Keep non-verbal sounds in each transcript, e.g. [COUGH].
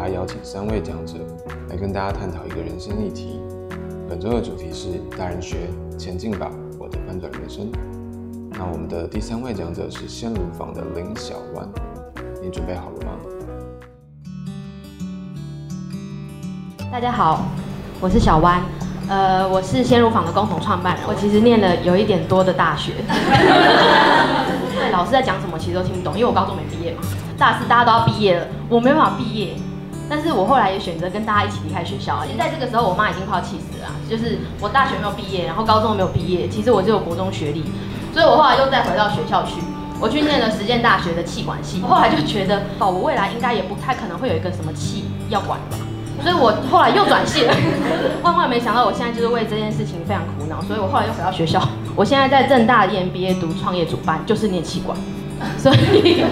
來邀請三位講者來跟大家探討一個人生議題。本周的主題是《大人學前進吧》，我的翻轉人生。那我們的第三位講者是鮮乳坊的林曉灣，你準備好了嗎？大家好，我是曉灣，呃，我是鮮乳坊的共同創辦人。我其實念了有一點多的大學， [LAUGHS] 對老師在講什麼其實都聽不懂，因為我高中沒畢業嘛。大四大家都要畢業了，我沒辦法畢業。但是我後來也選擇跟大家一起離開學校啊，因為在這個時候，我媽已經快要氣死了。就是我大學沒有畢業，然後高中沒有畢業，其實我只有國中學歷，所以我後來又再回到學校去。我去念了實踐大學的企管系，我後來就覺得哦，我未來應該也不太可能會有一個什麼企要管的吧？所以我後來又轉系了。萬萬沒想到，我現在就是為這件事情非常苦惱，所以我後來又回到學校。我現在在政大 EMBA 讀創業主班，就是念企管。所以，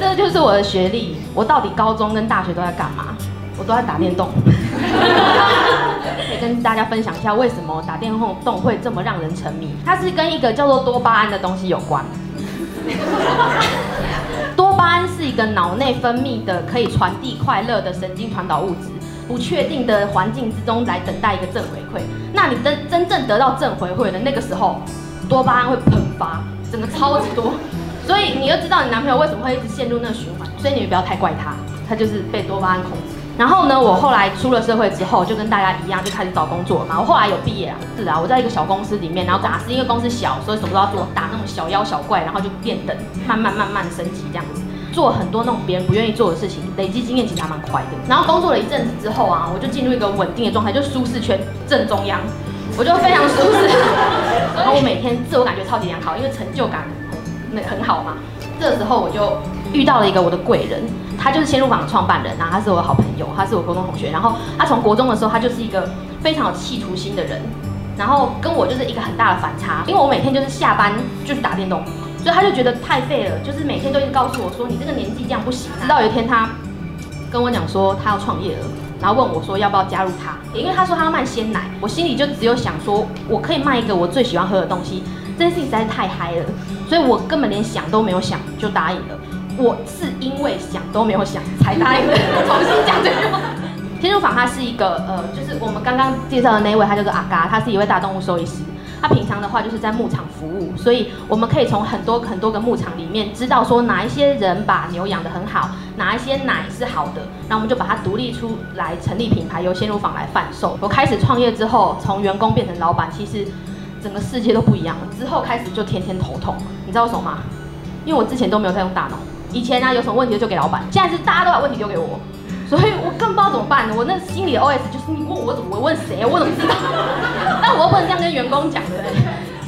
這就是我的學歷。我到底高中跟大學都在幹嘛？我都在打電動。 [LAUGHS] 可以跟大家分享一下，為什麼打電動會這麼讓人沉迷？它是跟一個叫做多巴胺的東西有關。多巴胺是一個腦內分泌的，可以傳遞快樂的神經傳導物質。不確定的環境之中來等待一個正回饋，那你真真正得到正回饋的那個時候，多巴胺會噴發，整個超級多。所以你就知道你男朋友為什麼會一直陷入那個循環，所以你們不要太怪他，他就是被多巴胺控制。然後呢，我後來出了社會之後，就跟大家一樣，就開始找工作嘛。然後我後來有畢業啊，是啊，我在一個小公司裡面，然後打雜是因為公司小，所以什麼都要做，打那種小妖小怪，然後就練等，慢慢慢慢升級這樣子，做很多那種別人不願意做的事情，累積經驗其實還蠻快的。然後工作了一陣子之後啊，我就進入一個穩定的狀態，就舒適圈正中央，我就非常舒適。 [LAUGHS] 然後我每天自我感覺超級良好，因為成就感。那個、很好嘛，這時候我就遇到了一個我的貴人，他就是鮮乳坊的創辦人，然後他是我的好朋友，他是我高中同學。然後他從國中的時候，他就是一個非常有企圖心的人，然後跟我就是一個很大的反差，因為我每天就是下班就去、是、打電動，所以他就覺得太廢了，就是每天都一直告訴我說，你這個年紀這樣不行。直到有一天他跟我講說他要創業了，然後問我說要不要加入他，也因為他說他要賣鮮奶，我心裡就只有想說我可以賣一個我最喜歡喝的東西。這件事情實在是太嗨了，所以我根本連想都沒有想就答應了。我是因為想都沒有想才答應的。我重新講這句話。鮮乳坊它是一個呃，就是我們剛剛介紹的那一位，他叫做阿嘎，他是一位大動物獸醫師。他平常的話就是在牧場服務，所以我們可以從很多很多個牧場裡面知道說哪一些人把牛養得很好，哪一些奶是好的，然後我們就把它獨立出來，成立品牌，由鮮乳坊來販售。我開始創業之後，從員工變成老板，其實。整個世界都不一樣了，之後開始就天天頭痛。你知道為什麼嗎？因為我之前都沒有在用大腦，以前呢、啊、有什麼問題就給老板，現在是大家都把問題丟給我，所以我更不知道怎麼辦。我那心裡的 OS 就是你問我怎麼，我問誰，我怎麼知道？但我又不能這樣跟員工講的，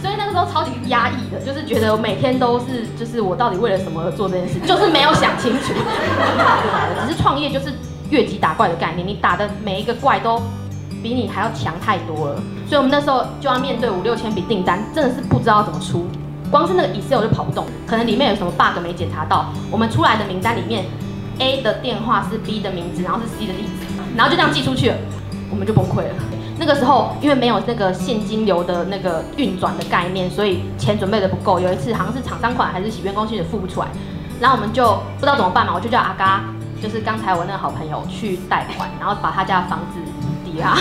所以那個時候超級壓抑的，就是覺得每天都是就是我到底為了什麼做這件事，就是沒有想清楚。只是創業就是越級打怪的概念，你打的每一個怪都比你還要強太多了，所以我們那時候就要面對五六千筆訂單，真的是不知道怎麼出，光是那個 Excel 就跑不動，可能裡面有什麼 bug 沒檢查到，我們出來的名單裡面 A 的電話是 B 的名字，然後是 C 的地址，然後就這樣寄出去了，我們就崩潰了。那個時候因為沒有那個現金流的那個運轉的概念，所以錢準備的不夠。有一次好像是廠商款還是洗員工薪也付不出來，然後我們就不知道怎麼辦嘛，我就叫阿嘎，就是剛才我那個好朋友去貸款，然後把他家的房子。啊，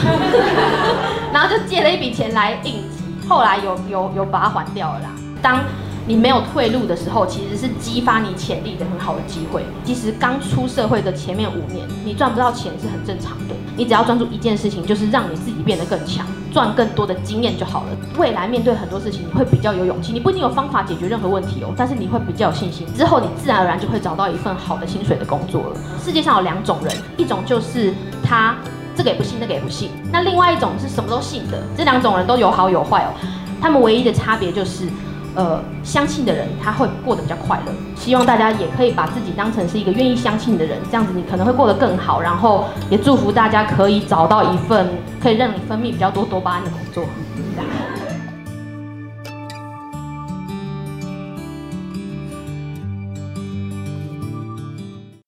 [LAUGHS] 然後就借了一筆錢來應急，後來有有有把它還掉了啦。當你沒有退路的時候，其實是激發你潛力的很好的機會。其實剛出社會的前面五年，你賺不到錢是很正常的。你只要專注一件事情，就是讓你自己變得更強，賺更多的經驗就好了。未來面對很多事情，你會比較有勇氣。你不一定有方法解決任何問題哦，但是你會比較有信心。之後你自然而然就會找到一份好的薪水的工作了。世界上有兩種人，一種就是他。這個也不信，那、這個也不信。那另外一種是什麼都信的，這兩種人都有好有壞哦。他們唯一的差別就是，呃，相信的人他會過得比較快樂。希望大家也可以把自己當成是一個願意相信的人，這樣子你可能會過得更好。然後也祝福大家可以找到一份可以讓你分泌比較多多巴胺的工作。